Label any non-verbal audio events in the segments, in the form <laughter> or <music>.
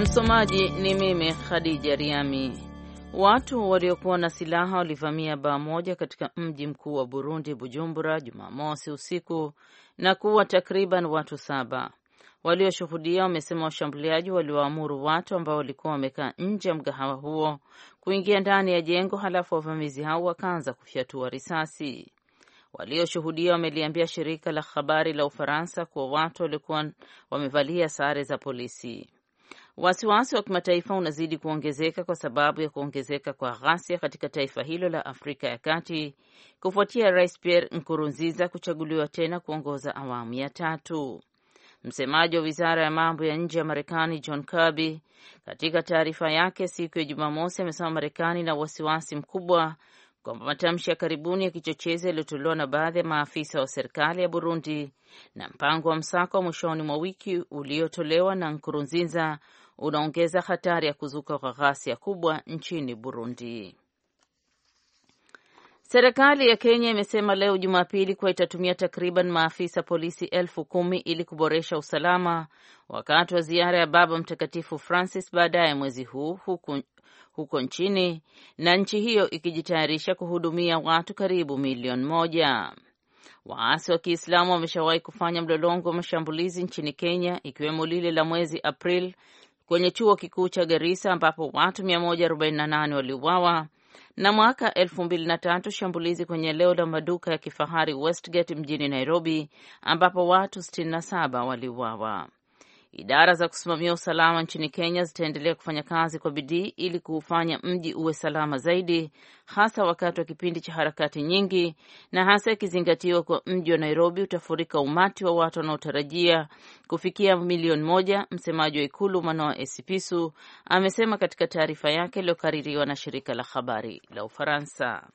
Msomaji ni mimi Khadija Riami. Watu waliokuwa na silaha walivamia baa moja katika mji mkuu wa Burundi, Bujumbura, Jumamosi usiku na kuua takriban watu saba. Walioshuhudia wamesema washambuliaji waliwaamuru watu ambao walikuwa wamekaa nje ya mgahawa huo kuingia ndani ya jengo, halafu wavamizi hao wakaanza kufyatua risasi. Walioshuhudia wameliambia shirika la habari la Ufaransa kuwa watu walikuwa wamevalia sare za polisi. Wasiwasi wa kimataifa unazidi kuongezeka kwa sababu ya kuongezeka kwa ghasia katika taifa hilo la Afrika ya Kati kufuatia Rais Pierre Nkurunziza kuchaguliwa tena kuongoza awamu ya tatu. Msemaji wa wizara ya mambo ya nje ya Marekani John Kirby katika taarifa yake siku ya Jumamosi amesema Marekani ina wasiwasi mkubwa kwamba matamshi ya karibuni ya kichochezi yaliyotolewa na baadhi ya maafisa wa serikali ya Burundi na mpango wa msako wa mwishoni mwa wiki uliotolewa na Nkurunziza unaongeza hatari ya kuzuka kwa ghasia kubwa nchini Burundi. Serikali ya Kenya imesema leo Jumapili kuwa itatumia takriban maafisa polisi elfu kumi ili kuboresha usalama wakati wa ziara ya Baba Mtakatifu Francis baadaye mwezi huu huku huko nchini na nchi hiyo ikijitayarisha kuhudumia watu karibu milioni moja. Waasi wa Kiislamu wameshawahi kufanya mlolongo wa mashambulizi nchini Kenya, ikiwemo lile la mwezi Aprili kwenye chuo kikuu cha Garissa ambapo watu 148 waliuawa na mwaka 2003 shambulizi kwenye eneo la maduka ya kifahari Westgate mjini Nairobi ambapo watu 67 waliuawa. Idara za kusimamia usalama nchini Kenya zitaendelea kufanya kazi kwa bidii ili kuufanya mji uwe salama zaidi, hasa wakati wa kipindi cha harakati nyingi, na hasa ikizingatiwa kwa mji wa Nairobi utafurika umati wa watu wanaotarajia kufikia milioni moja. Msemaji wa Ikulu Manoa Esipisu amesema katika taarifa yake iliyokaririwa na shirika la habari la Ufaransa.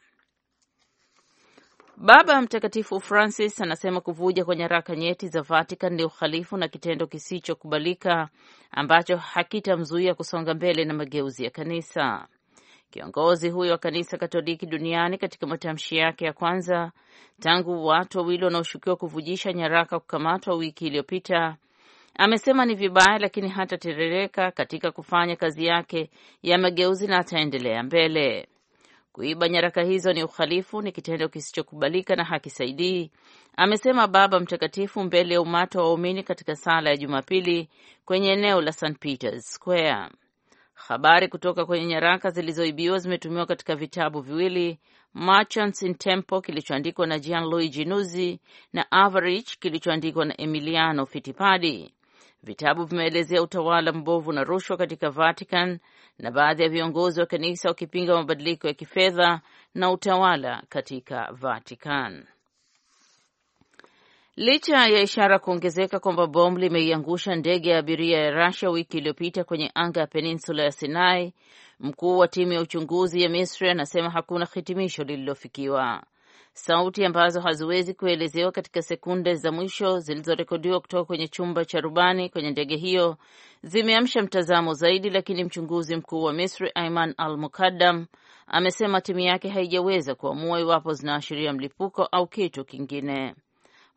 Baba Mtakatifu Francis anasema kuvuja kwa nyaraka nyeti za Vatican ni uhalifu na kitendo kisichokubalika ambacho hakitamzuia kusonga mbele na mageuzi ya kanisa. Kiongozi huyo wa kanisa Katoliki duniani katika matamshi yake ya kwanza tangu watu wawili wanaoshukiwa kuvujisha nyaraka kukamatwa wiki iliyopita amesema ni vibaya, lakini hataterereka katika kufanya kazi yake ya mageuzi na ataendelea mbele. Kuiba nyaraka hizo ni uhalifu, ni kitendo kisichokubalika na hakisaidii, amesema Baba Mtakatifu mbele ya umato wa waumini katika sala ya Jumapili kwenye eneo la St Peter's Square. Habari kutoka kwenye nyaraka zilizoibiwa zimetumiwa katika vitabu viwili, Merchants in Tempo kilichoandikwa na Gianluigi Nuzzi na Average kilichoandikwa na Emiliano Fittipaldi. Vitabu vimeelezea utawala mbovu na rushwa katika Vatican na baadhi ya viongozi wa kanisa wakipinga mabadiliko ya kifedha na utawala katika Vatican. Licha ya ishara kuongezeka kwamba bomu limeiangusha ndege ya abiria ya Russia wiki iliyopita kwenye anga ya peninsula ya Sinai, mkuu wa timu ya uchunguzi ya Misri anasema hakuna hitimisho lililofikiwa sauti ambazo haziwezi kuelezewa katika sekunde za mwisho zilizorekodiwa kutoka kwenye chumba cha rubani kwenye ndege hiyo zimeamsha mtazamo zaidi, lakini mchunguzi mkuu wa Misri Ayman al Mukaddam amesema timu yake haijaweza kuamua iwapo zinaashiria mlipuko au kitu kingine.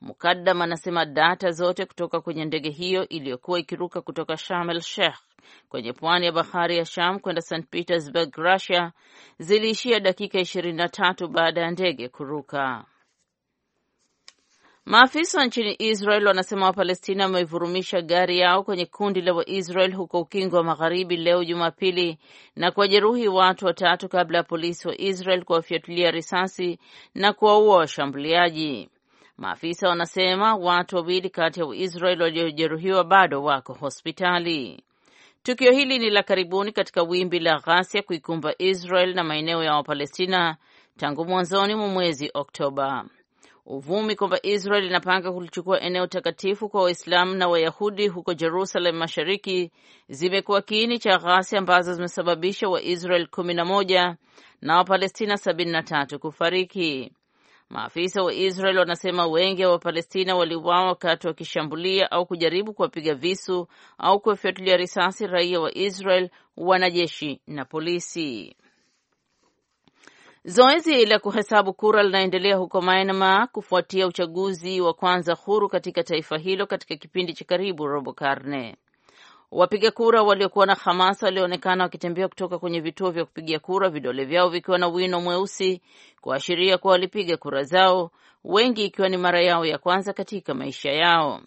Mukaddam anasema data zote kutoka kwenye ndege hiyo iliyokuwa ikiruka kutoka Sharm el Sheikh kwenye pwani ya bahari ya Sham kwenda St Petersburg, Russia ziliishia dakika ishirini na tatu baada ya ndege kuruka. Maafisa nchini Israel wanasema Wapalestina wameivurumisha gari yao kwenye kundi la Waisrael huko Ukingo wa Magharibi leo Jumapili na kuwajeruhi watu watatu kabla ya polisi wa Israel kuwafyatulia risasi na kuwaua washambuliaji. Maafisa wanasema watu wawili kati ya Waisraeli waliojeruhiwa bado wako hospitali. Tukio hili ni la karibuni katika wimbi la ghasia kuikumba Israel na maeneo ya Wapalestina tangu mwanzoni mwa mwezi Oktoba. Uvumi kwamba Israel inapanga kulichukua eneo takatifu kwa Waislamu na Wayahudi huko Jerusalem Mashariki zimekuwa kiini cha ghasia ambazo zimesababisha Waisrael 11 na Wapalestina 73 kufariki. Maafisa wa Israel wanasema wengi wa Wapalestina waliuawa wakati wakishambulia au kujaribu kuwapiga visu au kuwafyatulia risasi raia wa Israel, wanajeshi na polisi. Zoezi la kuhesabu kura linaendelea huko Myanmar kufuatia uchaguzi wa kwanza huru katika taifa hilo katika kipindi cha karibu robo karne. Wapiga kura waliokuwa na hamasa walioonekana wakitembea kutoka kwenye vituo vya kupigia kura, vidole vyao vikiwa na wino mweusi kuashiria kuwa walipiga kura zao, wengi ikiwa ni mara yao ya kwanza katika maisha yao.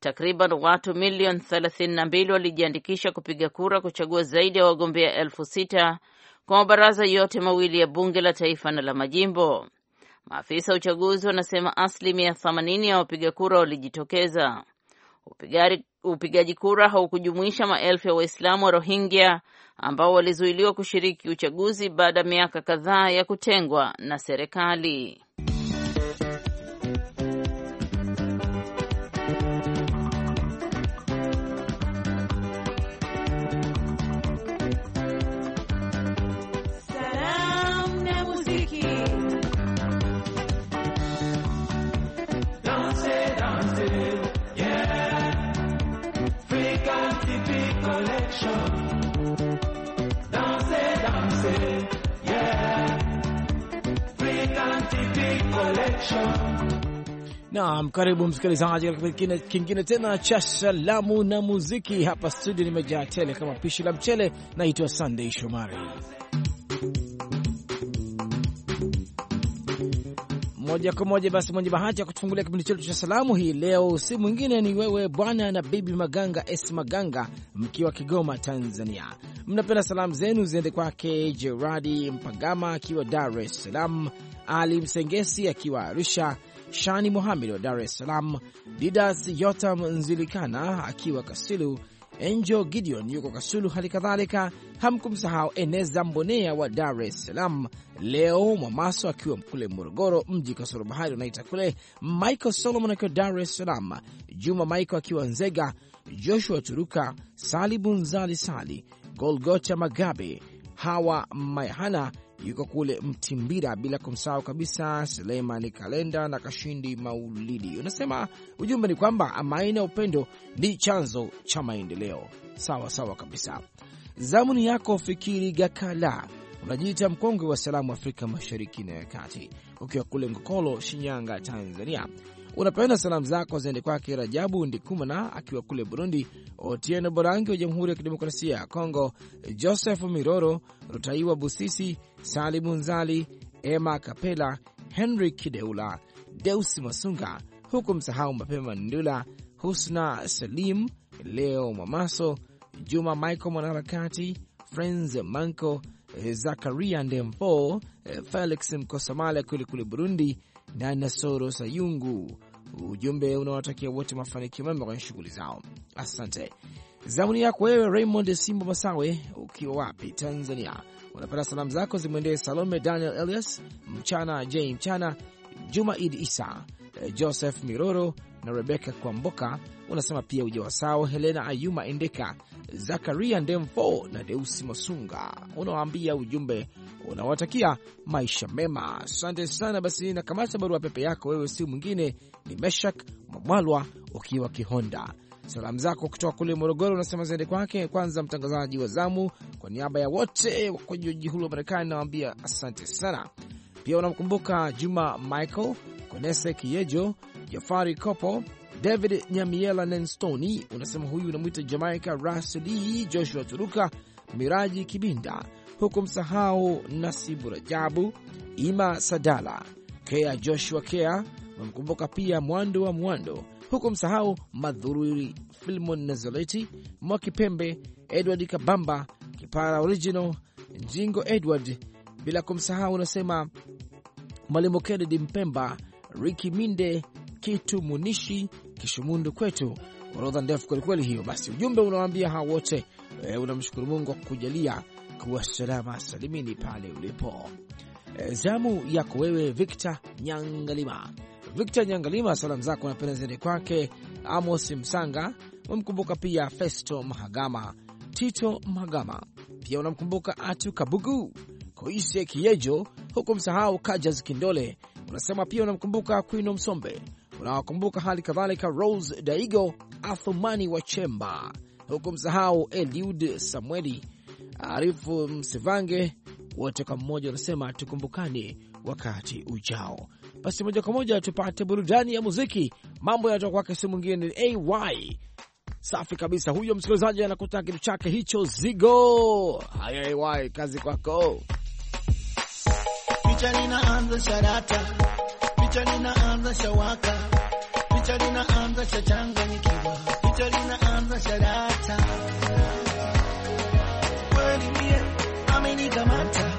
Takriban watu milioni 32 walijiandikisha kupiga kura kuchagua zaidi ya wagombea elfu sita kwa mabaraza yote mawili ya bunge la taifa na la majimbo. Maafisa wa uchaguzi wanasema asilimia 80 ya wapiga kura walijitokeza. Upigaji kura haukujumuisha maelfu ya Waislamu wa Rohingya ambao walizuiliwa kushiriki uchaguzi baada ya miaka kadhaa ya kutengwa na serikali. Naam, karibu msikilizaji katika kipindi kingine tena cha salamu na muziki. Hapa studio nimejaa tele kama pishi la mchele. Naitwa Sunday Shomari. moja kwa moja basi, mwenye bahati ya kutufungulia kipindi chetu cha salamu hii leo si mwingine ni wewe bwana na bibi Maganga es Maganga, mkiwa Kigoma, Tanzania. Mnapenda salamu zenu ziende kwake Jeradi Mpagama akiwa Dar es Salaam, Ali Msengesi akiwa Arusha, Shani Muhamed wa Dar es Salaam, Didas Yotam Nzilikana akiwa Kasilu Angel Gideon yuko Kasulu. Hali kadhalika hamkumsahau Eneza Mbonea wa Dar es Salaam, Leo Mwamaso akiwa kule Morogoro mji kasoro bahari unaita kule, Michael Solomon akiwa Dar es Salaam, Juma Michael akiwa Nzega, Joshua Turuka, Sali Bunzali, Sali Golgota Magabe, Hawa mayhana yuko kule Mtimbira, bila kumsahau kabisa Suleimani Kalenda na Kashindi Maulidi. Unasema ujumbe ni kwamba amani ya upendo ni chanzo cha maendeleo. Sawa sawa kabisa. Zamuni yako Fikiri Gakala, unajiita mkongwe wa salamu Afrika Mashariki na ya Kati, ukiwa kule Ngokolo, Shinyanga, Tanzania. Unapeana salamu zako ziende kwake Rajabu Ndikumana akiwa kule Burundi, Otieno Borangi wa Jamhuri ya Kidemokrasia ya Kongo, Joseph Miroro Rutaiwa Busisi, nzali Emma Kapela, Henry Kideula, Deus Masunga, huku msahau Mapema Ndula, Husna Salim, Leo Mwamaso, Juma Michael mwanaharakati, frenz Manco, Zakaria Ndempo, Felix Mkosamale kule kule Burundi na Nasoro Sayungu. Ujumbe unawatakia wote mafanikio mema kwenye shughuli zao. Asante. Zamu ni yako wewe Raymond Simbo Masawe, ukiwa wapi Tanzania. Unapata salamu zako zimwendee Salome Daniel Elias, Mchana J Mchana, Juma Idi Isa, eh, Joseph Miroro, na Rebeka Kwamboka wanasema pia ujawasao Helena Ayuma Endeka, Zakaria Ndemfo na Deusi Masunga. Unawaambia ujumbe unawatakia maisha mema. Asante sana. Basi na kamata barua pepe yako, wewe si mwingine ni Meshak Mamwalwa ukiwa Kihonda. Salamu zako kutoka kule Morogoro unasema ziende kwake kwanza mtangazaji wa zamu. Kwa niaba ya wote kwenye jiji hilo wa Marekani nawaambia asante sana. Pia unamkumbuka Juma Michael Konese Kiejo Jafari Kopo, David Nyamiela Nenstoni unasema huyu unamwita Jamaica, Rasli Joshua Turuka, Miraji Kibinda, huku msahau Nasibu Rajabu, Ima Sadala, Kea Joshua Kea memkumbuka pia Mwando wa Mwando, huku msahau Madhururi Filmon Nazareti, Mwakipembe Edward Kabamba, Kipara Original, Jingo Edward, bila kumsahau unasema Mwalimu Kennedy Mpemba, Riki Minde kitu Munishi Kishumundu kwetu, orodha ndefu kwelikweli hiyo. Basi ujumbe unawaambia hawa wote e, unamshukuru Mungu wa kukujalia kuwa salama salimini pale ulipo. E, zamu yako wewe Victor Nyangalima. Victor Nyangalima, salamu zako napenda ziende kwake Amos Msanga, unamkumbuka pia Festo Mahagama, Tito Mahagama, pia unamkumbuka Atu Kabugu, Koise Kiejo, huku msahau Kajas Kindole. Unasema pia unamkumbuka Kwino Msombe tunawakumbuka hali kadhalika Rose Daigo, Athumani Wachemba, huku msahau Eliud Samueli, Arifu Msivange, wote kwa mmoja wanasema tukumbukane wakati ujao. Basi moja kwa moja tupate burudani ya muziki. Mambo yanatoka kwake si mwingine ni AY. Safi kabisa, huyo msikilizaji anakuta kitu chake hicho zigo. Haya AY, kazi kwako. Picha linaanza sharata, picha linaanza shawaka Italina anza shachanganyikiwa, Italina anza sharata, wewe ni mie amenikamata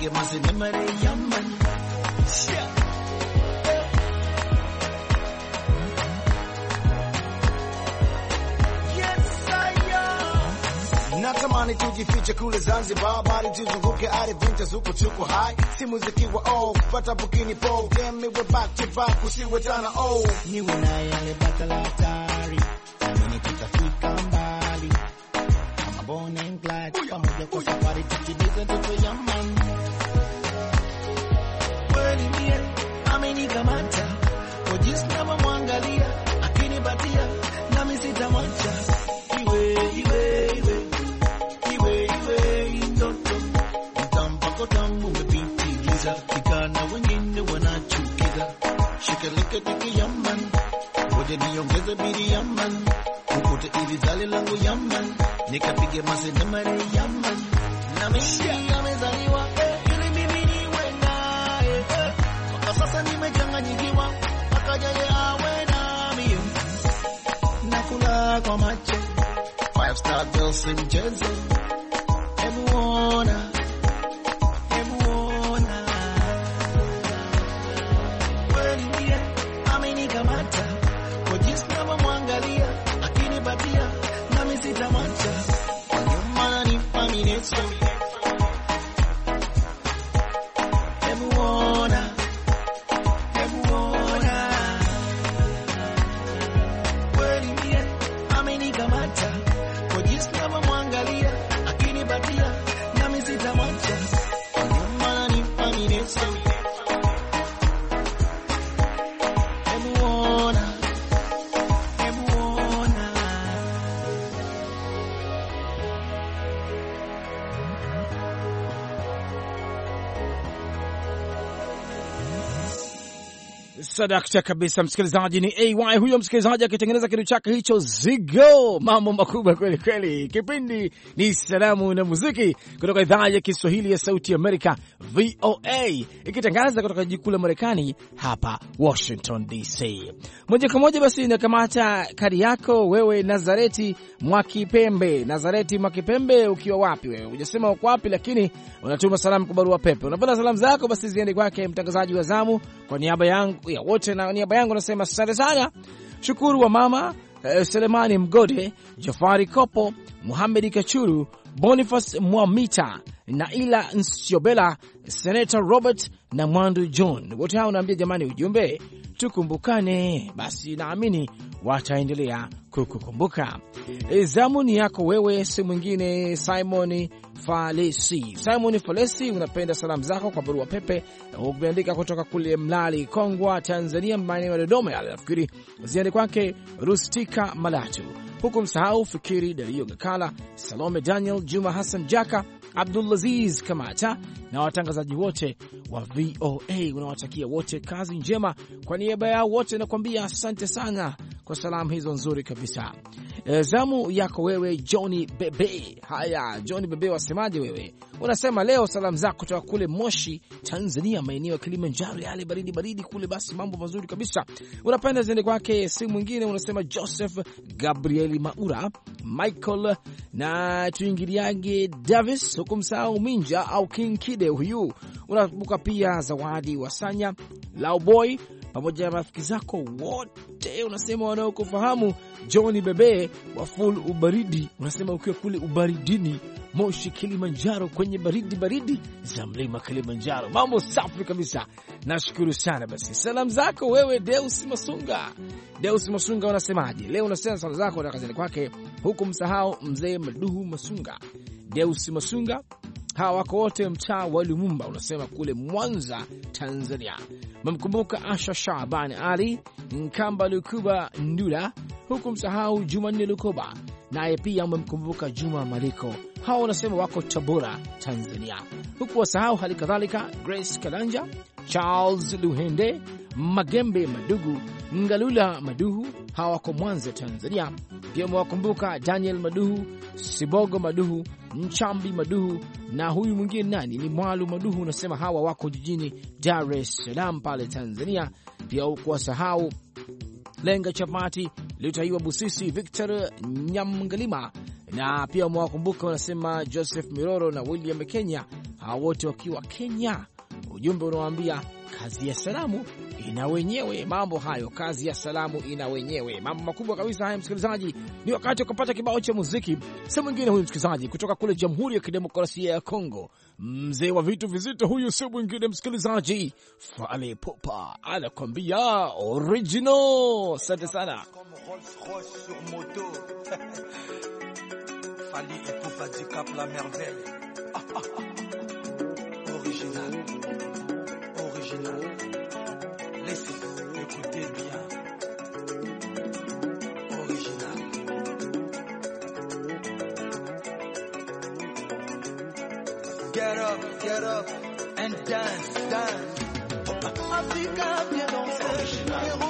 get my cinnamon yummin. Yeah. Natamani tujifiche kule Zanzibar, bali tuzunguke ardhi nje, tuko high, si muziki wa old, pata bukini po, damn we back to back, usiwe tana old. Niwe na yale bata la hatari, amini tutafika mbali, kama Bonnie and Clyde, pamoja kwa jinsi navyomwangalia akinipatia, nami sitamwacha iwe iwe iwe iwe iwe ndoto mtampakotambu umepitiliza kikana, wengine wanachukiza shikeleke tiki yaman, ngoja niongeze bili yaman, popote ili zale langu yaman, nikapige masenamari yaman nami Até o sem Jensen. Sadakta kabisa, msikilizaji. Ni ay huyo msikilizaji akitengeneza kitu chake hicho zigo, mambo makubwa kweli kweli. Kipindi ni salamu na muziki kutoka idhaa ya Kiswahili ya Sauti Amerika, VOA, ikitangaza kutoka jiji kuu la Marekani hapa Washington DC moja kwa moja. Basi nakamata kadi yako wewe, Nazareti Mwakipembe. Nazareti Mwakipembe, ukiwa wapi wewe? Hujasema uko wapi, lakini unatuma salamu kwa barua pepe. Unapenda salamu zako, basi ziende kwake mtangazaji wa zamu, kwa niaba yangu ya wote, na niaba yangu nasema asante sana. Shukuru wa mama uh, Selemani Mgode, Jafari Kopo, Muhamedi Kachuru, bonifas Mwamita, Naila Nsiobela, senato Robert na Mwandu John, wote hao unaambia jamani, ujumbe tukumbukane, basi naamini wataendelea kukukumbuka. E, Zamu ni yako wewe, si mwingine Simon Falesi. Simon Falesi, unapenda salamu zako kwa barua pepe umeandika kutoka kule Mlali, Kongwa, Tanzania, maeneo ya Dodoma yale, nafikiri ziende kwake Rustika Malatu, huku msahau Fikiri Dario Gakala, Salome Daniel, Juma Hassan Jaka Abdulaziz Kamata na watangazaji wote wa VOA unawatakia wote kazi njema. Kwa niaba yao wote nakuambia asante sana kwa salamu hizo nzuri kabisa. Eh, zamu yako wewe Johnny Bebe. Haya, Johnny Bebe, wasemaje wewe? unasema leo salamu zako kutoka kule Moshi, Tanzania, maeneo ya Kilimanjaro, yale baridi baridi kule. Basi mambo mazuri kabisa, unapenda ziende kwake, si mwingine, unasema Joseph Gabrieli Maura, Michael na tuingiliage Davis, huku msahau Minja au King Kide, huyu unakumbuka pia Zawadi Wasanya, Lauboy pamoja na marafiki zako wote, unasema wanaokufahamu. John Bebe wa Full Ubaridi unasema ukiwa kule ubaridini Moshi, Kilimanjaro, kwenye baridi baridi za mlima Kilimanjaro. Mambo safi kabisa, nashukuru sana. Basi salamu zako wewe, Deus Masunga. Deus Masunga unasemaje leo? Unasema salamu zako na kazini kwake, huku msahau mzee Maduhu Masunga, Deus Masunga hawako wote. Mtaa wa Lumumba unasema kule Mwanza, Tanzania. Mamkumbuka Asha Shaban Ali Nkamba Lukuba Ndula, huku msahau Jumanne lukuba naye pia umemkumbuka Juma Maliko. Hawa wanasema wako Tabora, Tanzania, huku wasahau hali kadhalika Grace Kalanja, Charles Luhende, Magembe Madugu, Ngalula Maduhu, hawa wako Mwanza, Tanzania. Pia umewakumbuka Daniel Maduhu, Sibogo Maduhu, Mchambi Maduhu na huyu mwingine nani ni Mwalu Maduhu. Unasema hawa wako jijini Dar es Salaam pale Tanzania. Pia ukuwasahau Lenga Chapati, litaiwa Busisi, Victor Nyamgalima na pia umewakumbuka unasema Joseph Miroro na William Kenya, hawa wote wakiwa Kenya. Ujumbe unawaambia kazi ya salamu ina wenyewe. Mambo hayo, kazi ya salamu ina wenyewe, mambo makubwa kabisa haya. Msikilizaji, ni wakati wa kupata kibao cha muziki, si mwingine huyu msikilizaji kutoka kule Jamhuri ya Kidemokrasia ya Kongo. Mzee wa vitu vizito huyu, si mwingine msikilizaji, fale popa anakwambia original. Asante sana. <laughs> bien. Get up, get up and dance, dance. Africa, bien danser. Original.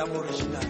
am original.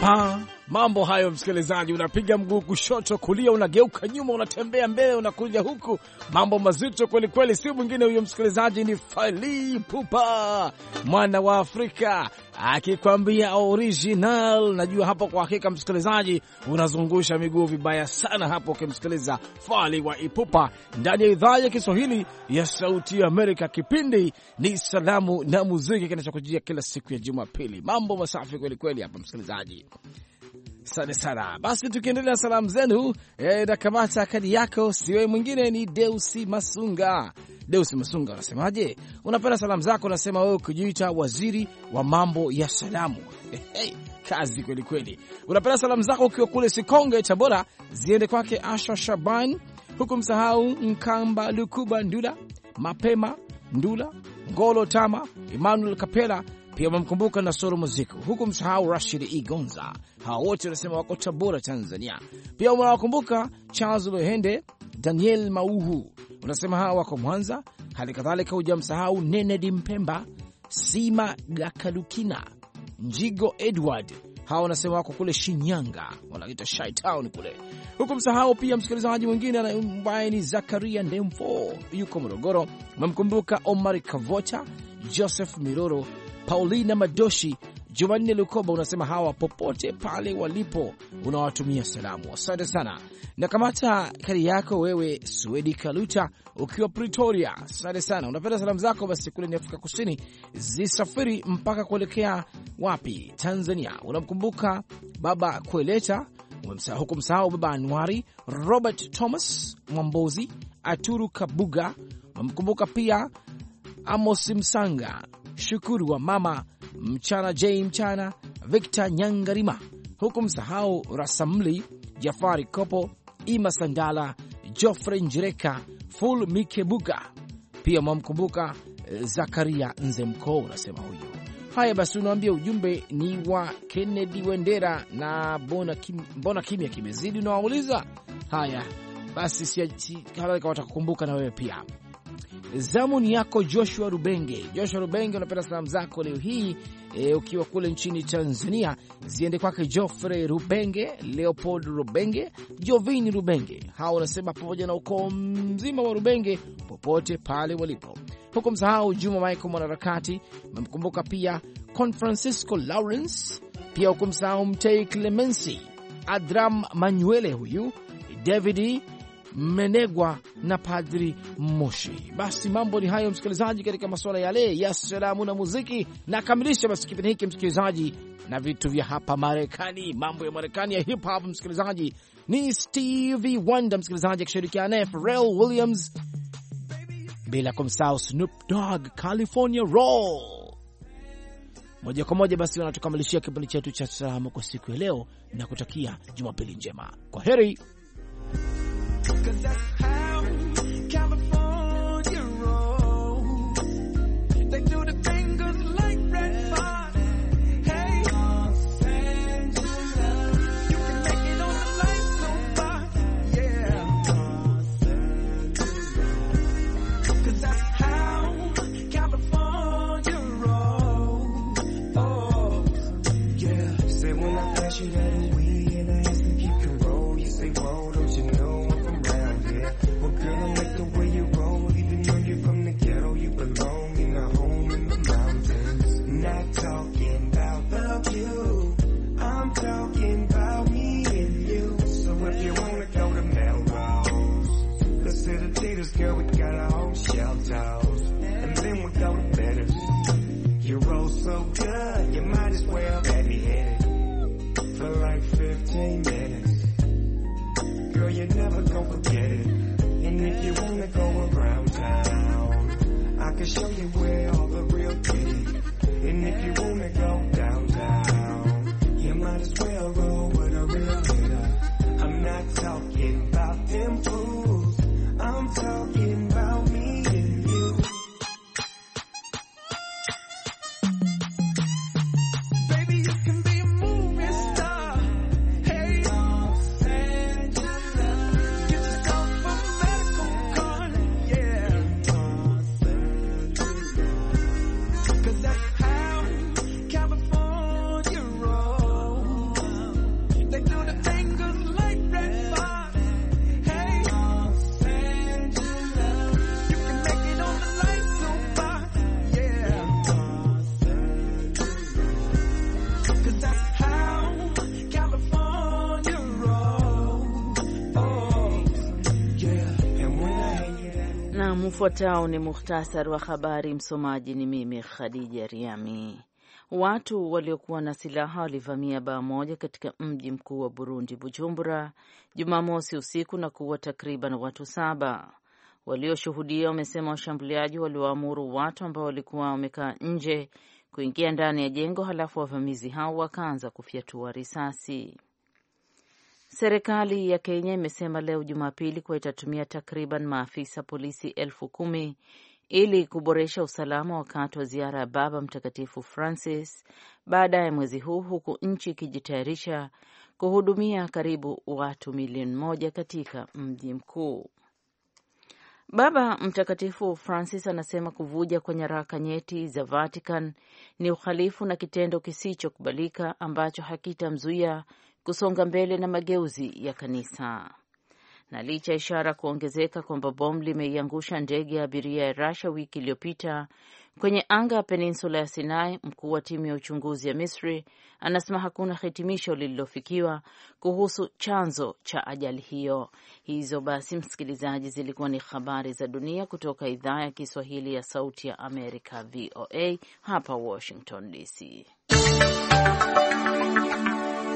pa mambo hayo, msikilizaji, unapiga mguu kushoto, kulia, unageuka nyuma, unatembea mbele, unakuja huku, mambo mazito kweli kweli. Si mwingine huyo msikilizaji, ni fali pupa mwana wa Afrika akikwambia original. Najua hapo kwa hakika, msikilizaji, unazungusha miguu vibaya sana hapo ukimsikiliza fali wa Ipupa ndani ya idhaa ya Kiswahili ya Sauti ya Amerika. Kipindi ni Salamu na Muziki kinachokujia kila siku ya Jumapili. Mambo masafi kwelikweli hapa msikilizaji. Asante sana. Basi tukiendelea salamu zenu, e, eh, kamata kadi yako, siwe mwingine ni Deusi Masunga. Deusi Masunga, unasemaje? Unapenda salamu zako, unasema wewe ukijiita waziri wa mambo ya salamu. Hey, eh, eh, kazi kweli kweli. Unapenda salamu zako ukiwa kule Sikonge, Tabora, ziende kwake Asha Shaban, huku msahau Mkamba Lukuba Ndula, Mapema Ndula, Ngolo Tama, Emmanuel Kapela pia wamemkumbuka Nasoro Muziku, huku msahau Rashid Igonza. Hawa wote wanasema wako Tabora, Tanzania. Pia unawakumbuka Charles Lohende, Daniel Mauhu, unasema hawa wako Mwanza. Hali kadhalika hujamsahau Nenedi Mpemba, Sima Gakalukina, Njigo Edward, hawa wanasema wako kule Shinyanga, wanaita Shy kule huku msahau pia msikilizaji mwingine ambaye ni Zakaria Ndemfo, yuko Morogoro. Umemkumbuka Omar Kavota, Joseph Miroro Paulina Madoshi, Jumanne Lukoba, unasema hawa popote pale walipo unawatumia salamu, asante sana. Na kamata kari yako wewe, Swedi Kaluta, ukiwa Pretoria, asante sana. Unapenda salamu zako basi kule ni Afrika Kusini zisafiri mpaka kuelekea wapi? Tanzania. Unamkumbuka baba Kueleta, huku msahau baba Anwari, Robert Thomas Mwambozi, Aturu Kabuga, unamkumbuka pia Amos Msanga Shukuru wa Mama Mchana, J Mchana, Victor Nyangarima, huku msahau Rasamli Jafari Kopo, Ima Sangala, Jofrey Njireka, Ful Mikebuka. Pia mwamkumbuka Zakaria Nzemko, unasema huyo. Haya basi, unaambia ujumbe ni wa Kennedy Wendera na mbona kim, kimya kimezidi, unawauliza haya basi, si kadhalika watakukumbuka na wewe pia. Zamu ni yako Joshua Rubenge. Joshua Rubenge, unapenda salamu zako leo hii e, ukiwa kule nchini Tanzania ziende kwake Joffrey Rubenge, Leopold Rubenge, Jovini Rubenge. Hawa unasema pamoja na ukoo mzima wa Rubenge popote pale walipo huku. Msahau Juma Michael mwanaharakati, memkumbuka pia Con Francisco Lawrence, pia huku msahau Mtei Clemency, Adram Manuele, huyu David Mmenegwa na Padri Moshi. Basi mambo ni hayo, msikilizaji, katika masuala yale ya salamu na muziki. Nakamilisha basi kipindi hiki msikilizaji, na vitu vya hapa Marekani, mambo ya Marekani ya hip hop. Msikilizaji ni Stevie Wonder, msikilizaji akishirikiana naye Pharrell Williams, bila kumsahau Snoop Dogg, California Roll. Moja kwa moja basi wanatukamilishia kipindi chetu cha salamu kwa siku ya leo na kutakia Jumapili njema. Kwa heri. cause that's how Ufuatao ni muhtasari wa habari. Msomaji ni mimi Khadija Riami. Watu waliokuwa na silaha walivamia baa moja katika mji mkuu wa Burundi, Bujumbura, Jumamosi usiku na kuua takriban watu saba. Walioshuhudia wamesema washambuliaji waliwaamuru watu ambao walikuwa wamekaa nje kuingia ndani ya jengo, halafu wavamizi hao wakaanza kufyatua risasi. Serikali ya Kenya imesema leo Jumapili kuwa itatumia takriban maafisa polisi elfu kumi ili kuboresha usalama wakati wa ziara ya Baba Mtakatifu Francis baadaye mwezi huu, huku nchi ikijitayarisha kuhudumia karibu watu milioni moja katika mji mkuu. Baba Mtakatifu Francis anasema kuvuja kwa nyaraka nyeti za Vatican ni uhalifu na kitendo kisichokubalika ambacho hakitamzuia kusonga mbele na mageuzi ya kanisa. Na licha ishara kuongezeka kwamba bomu limeiangusha ndege ya abiria ya rasha wiki iliyopita kwenye anga ya peninsula ya Sinai, mkuu wa timu ya uchunguzi ya Misri anasema hakuna hitimisho lililofikiwa kuhusu chanzo cha ajali hiyo. Hizo basi, msikilizaji, zilikuwa ni habari za dunia kutoka idhaa ya Kiswahili ya Sauti ya Amerika, VOA hapa Washington DC.